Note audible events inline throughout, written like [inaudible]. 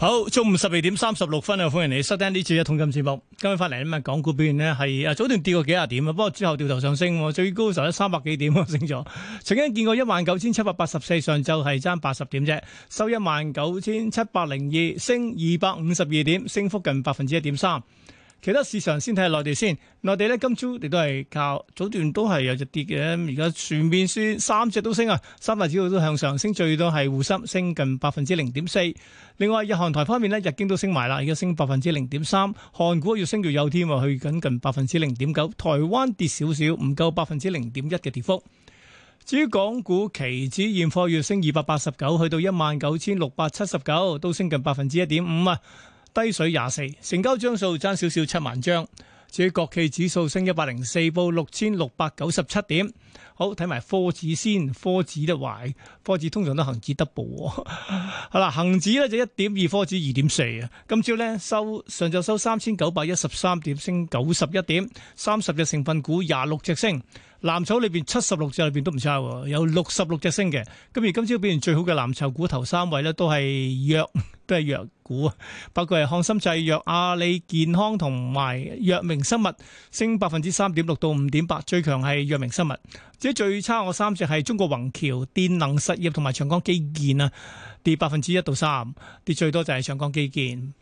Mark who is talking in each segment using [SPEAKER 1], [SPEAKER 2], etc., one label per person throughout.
[SPEAKER 1] 好，中午十二點三十六分啊，歡迎你收聽呢次嘅通金節目。今日翻嚟咁啊，港股表現呢係啊，早段跌過幾十點啊，不過之後掉頭上升，最高時係三百幾點升咗，曾經見過一萬九千七百八十四，上晝係爭八十點啫，收一萬九千七百零二，升二百五十二點，升幅近百分之一點三。其他市場先睇下內地先，內地呢，今朝亦都係靠早段都係有隻跌嘅，而家全面升，三隻都升啊，三大指數都向上，升最多係滬深升近百分之零點四。另外日韓台方面呢，日經都升埋啦，而家升百分之零點三，韓股要升到有添啊，去緊近百分之零點九，台灣跌少少，唔夠百分之零點一嘅跌幅。至於港股期指現貨月升二百八十九，去到一萬九千六百七十九，都升近百分之一點五啊。低水廿四，成交張數爭少少七萬張。至於國企指數升一百零四，報六千六百九十七點。好，睇埋科指先，科指都壞，科指通常都恒指 double。係 [laughs] 啦，恒指咧就一點二，科指二點四啊。今朝咧收上晝收三千九百一十三點，升九十一點，三十隻成分股廿六隻升。藍籌裏邊七十六隻裏邊都唔差，有六十六隻升嘅。今日今朝表現最好嘅藍籌股頭三位咧，都係藥，都係藥股啊，包括係翰森製藥、阿里健康同埋藥明生物，升百分之三點六到五點八，最強係藥明生物。至於最差嗰三隻係中國宏橋、電能實業同埋長江基建啊，跌百分之一到三，跌最多就係長江基建。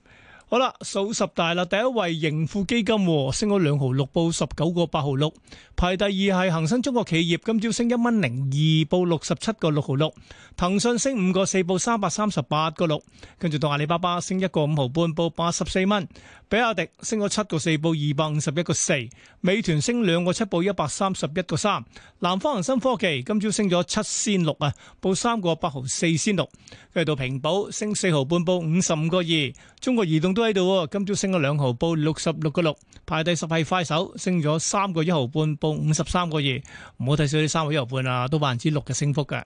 [SPEAKER 1] 好啦，數十大啦，第一位盈富基金，升咗兩毫六，報十九個八毫六。排第二係恒生中國企業，今朝升一蚊零二，報六十七個六毫六。騰訊升五個四，報三百三十八個六。跟住到阿里巴巴，升一個五毫半，報八十四蚊。比亞迪升咗七個四，報二百五十一個四。美團升兩個七，報一百三十一個三。南方恒生科技今朝升咗七仙六啊，報三個八毫四仙六。跟住到平保，升四毫半，報五十五個二。中國移動。都喺度喎，今朝升咗兩毫，報六十六個六，排第十係快手，升咗三個一毫半，報五十三個二，唔好睇少啲三個一毫半啊，都百分之六嘅升幅嘅。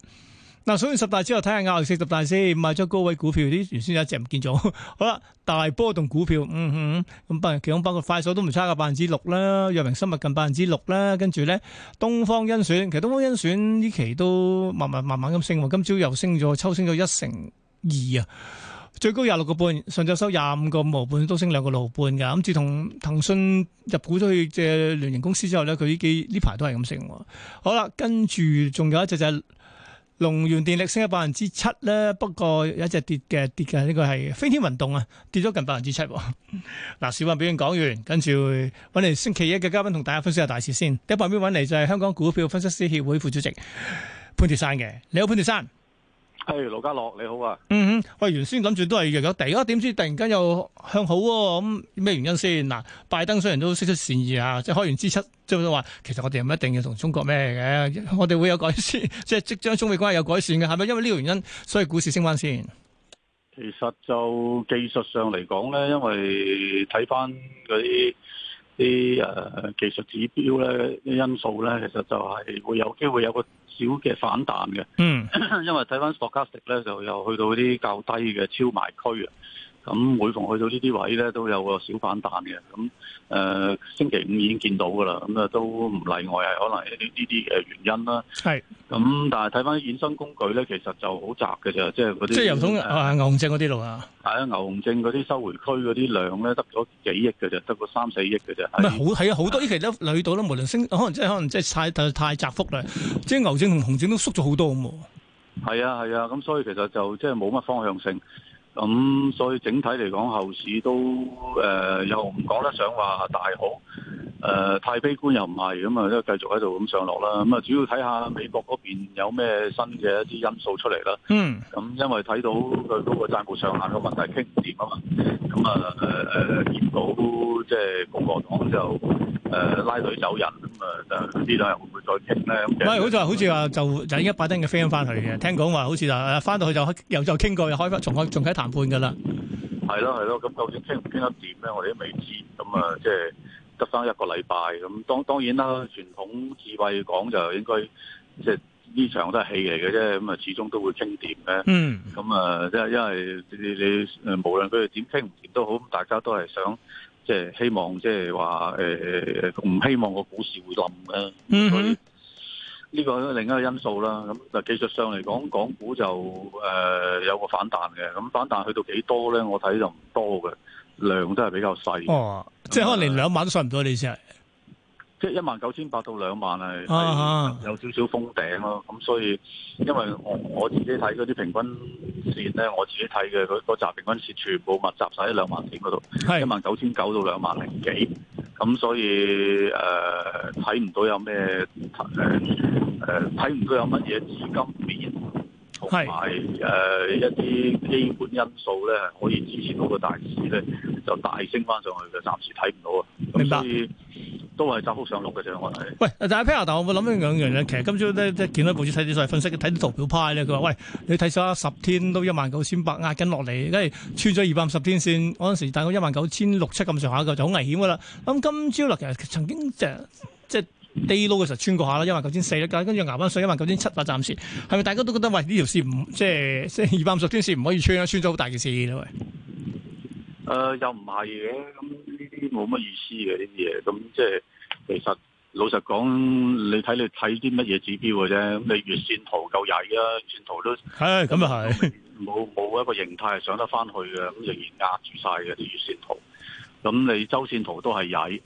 [SPEAKER 1] 嗱，數完十大之後睇下亞游四十大先，賣咗高位股票啲，原先有一隻唔見咗。 [laughs] 好啦，大波動股票，嗯哼、嗯。咁、嗯、包其中包括快手都唔差噶，百分之六啦，藥明生物近百分之六啦，跟住咧東方甄選，其實東方甄選呢期都慢慢慢慢咁升，今朝又升咗，抽升咗一成二啊。最高廿六個半，上晝收廿五個五毫半，都升兩個六毫半嘅。咁自從騰訊入股咗佢隻聯營公司之後咧，佢呢幾呢排都係咁升。好啦，跟住仲有一隻就係龍源電力升咗百分之七咧，不過有一隻跌嘅，跌嘅呢個係飛天運動啊，跌咗近百分之七。嗱，市 [laughs] 況表演講完，跟住會揾嚟星期一嘅嘉賓同大家分享下大事先。第一百秒揾嚟就係香港股票分析師協會副主席潘鐵珊嘅，你好潘鐵珊。
[SPEAKER 2] 係，盧、hey, 家樂你好啊！
[SPEAKER 1] 嗯嗯，喂，原先諗住都係弱咗地，啊，點知突然間又向好喎？咁、啊、咩、嗯、原因先嗱、啊？拜登雖然都釋出善意啊，即係開完 G7，即係都話其實我哋唔一定要同中國咩嘅，我哋會有改善，即係即將中美關係有改善嘅，係咪？因為呢個原因，所以股市升翻先。
[SPEAKER 2] 其實就技術上嚟講咧，因為睇翻嗰啲啲誒技術指標咧，因素咧，其實就係會有機會有個。少嘅反彈嘅，嗯， [laughs] 因為睇翻索卡食咧，就又去到啲較低嘅超賣區。啊。咁每逢去到呢啲位咧，都有個小反彈嘅。咁、呃、誒，星期五已經見到噶啦，咁啊都唔例外，係可能呢啲啲原因啦。係是。咁、嗯、但係睇翻衍生工具咧，其實就好雜嘅啫，就是、即係啲。即係油桶牛
[SPEAKER 1] 熊證嗰啲咯。
[SPEAKER 2] 係啊，牛熊證嗰啲收回區嗰啲量咧，得咗幾億嘅啫，得個三四億嘅啫。唔
[SPEAKER 1] 係好係啊，好多呢期都去到啦。無論升可能即係可能即係太太窄幅啦。即係牛證同熊證都縮咗好多咁喎。
[SPEAKER 2] 係啊係啊，咁、啊啊嗯嗯、所以其實就即係冇乜方向性。咁、嗯、所以整體嚟講，後市都誒、呃，又唔講得上話大好，誒、呃，太悲觀又唔係，咁啊，都繼續喺度咁上落啦。咁啊，主要睇下美國嗰邊有咩新嘅一啲因素出嚟啦。嗯，咁因為睇到佢嗰個債務上限嘅問題傾唔掂啊嘛，咁啊誒，誒，見到即係，共和黨就。誒、呃，拉隊走人咁啊是、就是，就唔知咧會唔會再傾咧？唔係、嗯，好似話，好
[SPEAKER 1] 似話就引一百丁嘅 friend 翻去嘅。聽講話好似就翻到去就又就傾過，又開翻，仲喺仲喺談判噶啦。
[SPEAKER 2] 係咯係咯，咁究竟傾唔傾得掂咧？我哋都未知。咁啊，即係得翻一個禮拜。咁當當然啦，傳統智慧講就應該即係呢場都係戲嚟嘅啫。咁啊，始終都會傾掂嘅。嗯。咁啊，即係因為你你誒，你你無論佢哋點傾唔掂都好，大家都係想。即係希望，即係話誒，唔、呃、希望個股市會冧嘅。所以呢個另一個因素啦。咁但係技術上嚟講，港股就誒、呃、有個反彈嘅。咁反彈去到幾多咧？我睇就唔多嘅，量都係比較細。
[SPEAKER 1] 哦，即係可能連兩萬都上唔到呢隻。
[SPEAKER 2] 即係一萬九千八到兩萬係有少少封頂咯，咁、啊、所以因為我我自己睇嗰啲平均線咧，我自己睇嘅嗰集平均線全部密集晒喺兩萬點嗰度，一萬九千九到兩萬零幾，咁所以誒睇唔到有咩誒誒睇唔到有乜嘢資金面同埋誒一啲基本因素咧可以支持到個大市咧就大升翻上去嘅，暫時睇唔到啊，咁所以。都係
[SPEAKER 1] 窄幅上落嘅啫，我哋。喂，誒，但係 Peter，我會諗緊兩樣嘢。其實今朝咧，即係見到報紙睇啲分析，睇啲圖表派咧，佢話：喂，你睇咗十天都一萬九千八壓緊落嚟，跟住穿咗二百五十天線，嗰陣時大概一萬九千六七咁上下嘅，就好危險㗎啦。咁今朝咧，其實曾經即係即係 day low 嘅時候穿過下啦，一萬九千四啦，跟住捱翻上一萬九千七百暫時。係咪大家都覺得喂呢條線唔即係即係二百五十天線唔可以穿，穿咗好大件事咧？誒、
[SPEAKER 2] 呃，又唔係嘅，咁呢啲冇乜意思嘅呢啲嘢，咁即係。其實老實講，你睇你睇啲乜嘢指標嘅啫。咁你月線圖夠曳啊，月線圖都
[SPEAKER 1] 係咁啊，係
[SPEAKER 2] 冇冇一個形態係上得翻去嘅，咁仍然壓住晒嘅啲月線圖。咁你周線圖都係曳，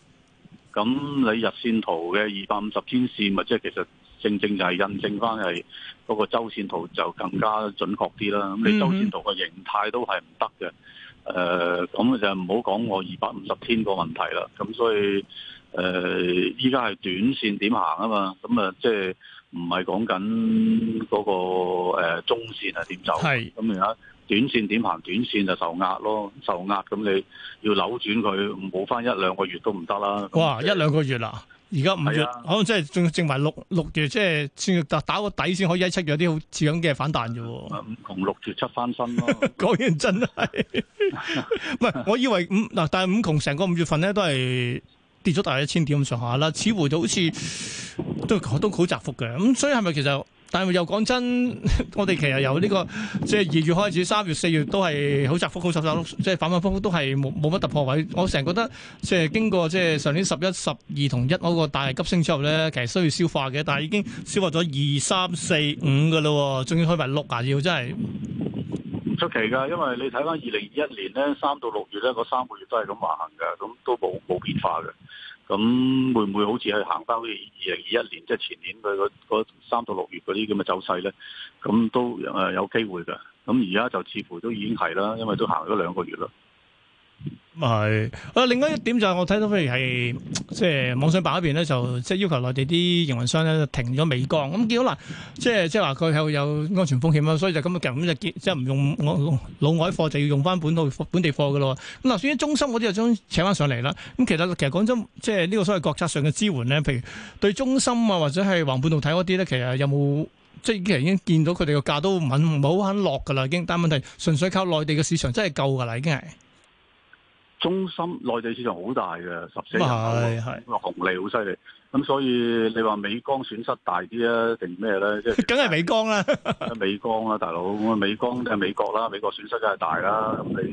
[SPEAKER 2] 咁你日線圖嘅二百五十天線，咪即係其實正正就係印證翻係嗰個周線圖就更加準確啲啦。咁你周線圖嘅形態都係唔得嘅。誒、呃，咁就唔好講我二百五十天個問題啦。咁所以。誒，依家係短線點行啊嘛，咁啊，即係唔係講緊嗰個誒中線係點走，係咁而家短線點行，短線就受壓咯，受壓，咁你要扭轉佢，冇翻一兩個月都唔得啦。
[SPEAKER 1] 哇，一兩個月啦，啊，而家五月，可能即係仲剩埋六六月，即、就、係、是、先打打個底，先可以喺七月有啲好似咁嘅反彈啫。五窮
[SPEAKER 2] 六月七翻身
[SPEAKER 1] 咯，啊，嗰啲 [laughs] 真係，唔 [laughs] 係，我以為五嗱，但係五窮成個五月份咧都係。跌咗大概一千點咁上下啦，似乎就好似都都好窄幅嘅，咁、嗯、所以係咪其實？但係又講真， [laughs] 我哋其實由呢、呢個即係二月開始、三月、四月都係好窄幅、好窄窄，即係反反覆覆都係冇冇乜突破位。我成日覺得即係、就是、經過即係上年十一、十二同一嗰個大急升之後咧，其實需要消化嘅，但係已經消化咗二三四五嘅咯，仲要開埋六啊，要真係。
[SPEAKER 2] 出奇㗎，因為你睇翻二零二一年咧，三到六月咧，嗰三個月都係咁橫行嘅，咁都冇冇變化嘅。咁會唔會好似係行翻去二零二一年，即係前年佢嗰三到六月嗰啲咁嘅走勢咧？咁都誒有機會嘅。咁而家就似乎都已經係啦，因為都行咗兩個月啦。
[SPEAKER 1] 咁啊，另外一點就係我睇到，譬如係即係網信辦嗰邊咧，就即係、就是、要求內地啲營運商咧停咗美光。咁見到嗱，即係即係話佢有有安全風險啊，所以就咁夾就即係唔用我老外貨，就要用翻本土本地貨嘅咯。咁嗱，至中芯嗰啲就將請翻上嚟啦。咁其實其實講真，即係呢個所謂國策上嘅支援咧，譬如對中芯啊或者係華虹半導體嗰啲咧，其實有冇即係其實已經見到佢哋個價都唔好肯落嘅啦，已經。但係問題純粹靠內地嘅市場真係夠㗎啦，已經係。
[SPEAKER 2] 中心內地市場好大嘅，十四個，咁啊是是 紅利好犀利，咁所以你話美光損失大啲啊，定咩咧？梗、就、係、是、美光啦 [laughs] 美光、啊，美光啦，大佬，我美光即係美國啦，美國損失梗係大啦，咁你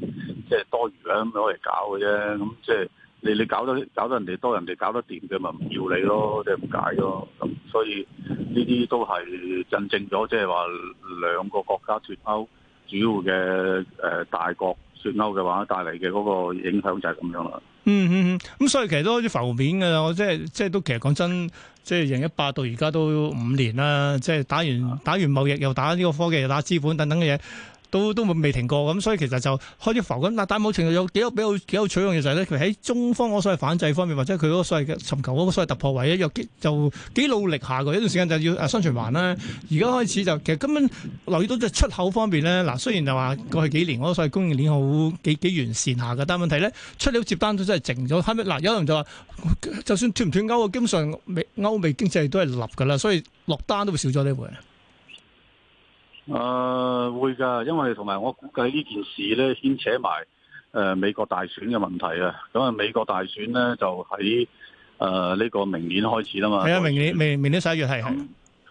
[SPEAKER 2] 即係多餘啦、啊，咁攞嚟搞嘅啫，咁即係你你搞到搞得人哋多人哋搞得掂嘅，咪唔要你咯，即係唔解咯，咁所以呢啲都係印證咗，即係話兩個國家脱歐主要嘅誒、呃、大國。脱歐嘅話帶嚟嘅嗰個影響就係咁
[SPEAKER 1] 樣啦、嗯。嗯嗯嗯，咁所以其實都好似浮面㗎啦。我即係即係都其實講真，即係二零一八到而家都五年啦。即係打完打完貿易，又打呢個科技，又打資本等等嘅嘢。都都未停過咁，所以其實就開始浮咁。嗱，但係冇情有幾有比較幾有取用嘅就係咧，佢喺中方嗰所謂反制方面，或者佢嗰所謂尋求嗰個所謂突破位一又幾就幾努力下嘅。一段時間就要雙循環啦。而家開始就其實根本留意到就出口方面咧。嗱，雖然就話過去幾年嗰所謂供應鏈好幾幾完善下嘅，但係問題咧出口接單都真係靜咗。係咪？嗱，有人就話，就算斷唔斷歐，基本上美歐美經濟都係立㗎啦，所以落單都會少咗呢回？
[SPEAKER 2] 誒、呃，會噶因為同埋我估計呢件事咧牽扯埋誒美國大選嘅問題啊。咁、呃、啊，美國大選咧就喺誒呢個明年開始啦嘛。係啊的
[SPEAKER 1] 選，明年明明年十一月係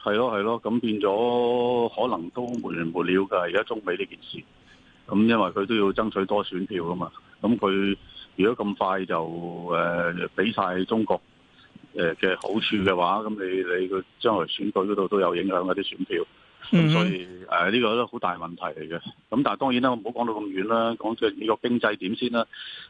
[SPEAKER 2] 係咯係咯，咁的變咗可能都沒完沒了嘅。而家中美呢件事，咁因為佢都要爭取多選票啊嘛。咁佢如果咁快就誒俾晒中國誒嘅好處嘅話，咁你你個將來選舉嗰度都有影響嗰啲選票。咁所以誒呢個都好大問題嚟嘅。咁但係當然啦、啊，我唔好講到咁遠啦，講嘅呢個經濟點先啦，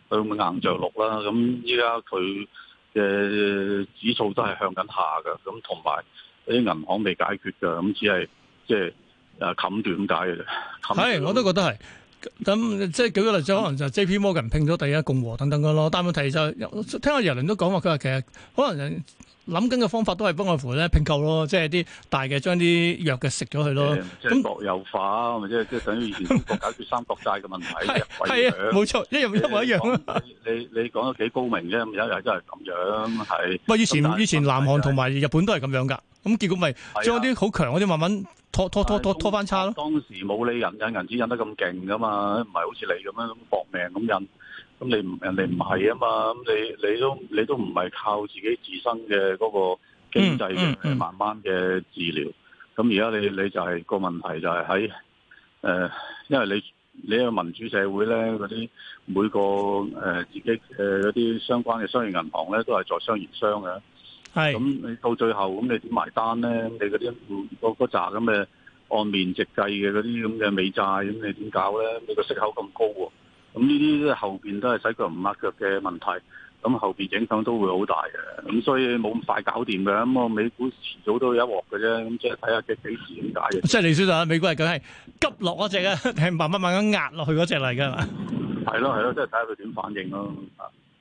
[SPEAKER 2] 佢會唔會硬着陸啦？咁依家佢嘅指數都係向緊下嘅。咁同埋啲銀行未解決嘅，咁、啊、只係即係誒冚住咁解
[SPEAKER 1] 嘅啫。係，我都覺得係。咁、嗯嗯嗯、即係舉個例子，可能就 J.P. Morgan 拼咗第一共和等等嘅咯。但係問題就係、是，聽阿耶倫都講話，佢話其實可能諗緊嘅方法都係不外乎咧拼購咯，即係啲大嘅將啲弱嘅食咗佢咯。
[SPEAKER 2] 咁、嗯就是、國有化咪即係即係等於以前中國解決三角債嘅問題嘅。係啊，冇 [laughs] 錯，一,一,一、啊說嗯、樣，一模一樣。你你講得幾高明啫？有一日真係咁樣係。喂，以前、就是、以
[SPEAKER 1] 前南韓同埋日本都係咁樣噶，咁結果咪將啲好強嗰啲慢慢。拖拖拖拖拖翻差咯！
[SPEAKER 2] 當時冇你印印銀紙印得咁勁㗎嘛，唔係好似你咁樣咁搏命咁印，咁你人哋唔係啊嘛，咁你你都你都唔係靠自己自身嘅嗰個經濟慢慢嘅治療，咁而家你你就係、是、個問題就係喺誒，因為你你一個民主社會咧，嗰啲每個誒、呃、自己誒嗰啲相關嘅商業銀行咧，都係在商言商嘅。係咁，你是到最後咁，你點埋單咧？你嗰啲嗰扎咁嘅按面值計嘅嗰啲咁嘅美債，咁你點搞咧？你個息口咁高喎，啊，咁呢啲都後邊都係洗腳唔抹腳嘅問題，咁後邊影響都會好大嘅，咁所以冇咁快搞掂嘅，咁個美股遲早都有一鑊嘅啫，咁即係睇下佢幾時點
[SPEAKER 1] 解嘅。即係李小姐，美股係緊係急落嗰隻啊，係慢慢慢慢壓落去嗰隻嚟㗎嘛？
[SPEAKER 2] 係咯係咯，即係睇下佢點反應咯。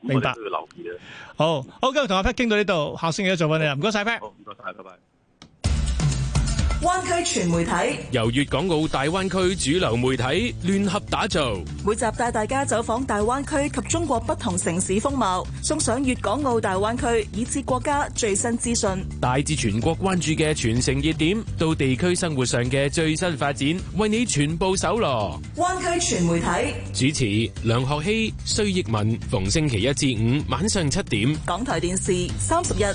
[SPEAKER 2] 明白，都
[SPEAKER 1] 要留意咧。 [music] 好好，今日同阿 Pat 傾到呢度，下星期一再揾你啦！唔該晒，Pat。好唔
[SPEAKER 2] 該晒，拜拜。
[SPEAKER 1] 灣區全媒體由粵港澳大灣區主流媒體聯合打造，每集帶大家走訪大灣區及中國不同城市風貌，送上粵港澳
[SPEAKER 2] 大灣區以至國家最新資訊，
[SPEAKER 1] 大致全國關注嘅全城熱點，到地區生活上嘅最新發展，為你全部搜羅。灣區全媒體主持梁學希、須益文逢星期一至五晚上七點，港台電視三十日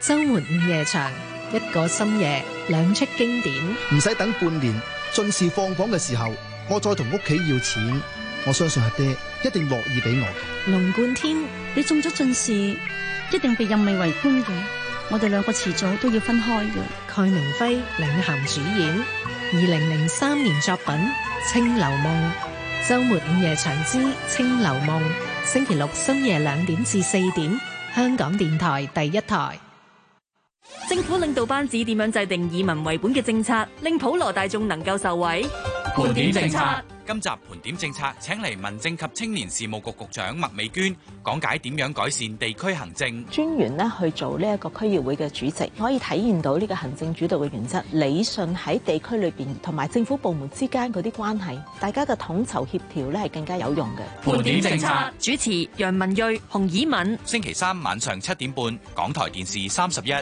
[SPEAKER 1] 週末午夜場。一個深夜，兩齣經典，唔使等半年，進士放榜嘅時候，我再同屋企要錢，我相信阿爹，爹一定樂意俾我嘅。龍冠天，你中咗進士，一定被任命為官嘅，我哋兩個遲早都要分開嘅。蓋鳴暉領銜主演，二零零三年作品《清流夢》，周末午夜長知《清流夢》，星期六深夜兩點至四點，香港電台第一台。政府
[SPEAKER 2] 領導班子點樣制定以民為本嘅政策，令普羅大眾能夠受惠？盤點政策。今集盤點政策，請嚟民政及青年事務局局長麥美娟講解點樣改善地區行政。
[SPEAKER 1] 專員呢去做呢一個區議會嘅主席，可以體現到呢個行政主導嘅原則，理順喺地區裏邊同埋政府部門之間嗰啲關係，大家嘅統籌協調呢係更加有用嘅。盤點政策。主持楊文睿、洪綺敏。星期三晚上七點半，港台電視三十一。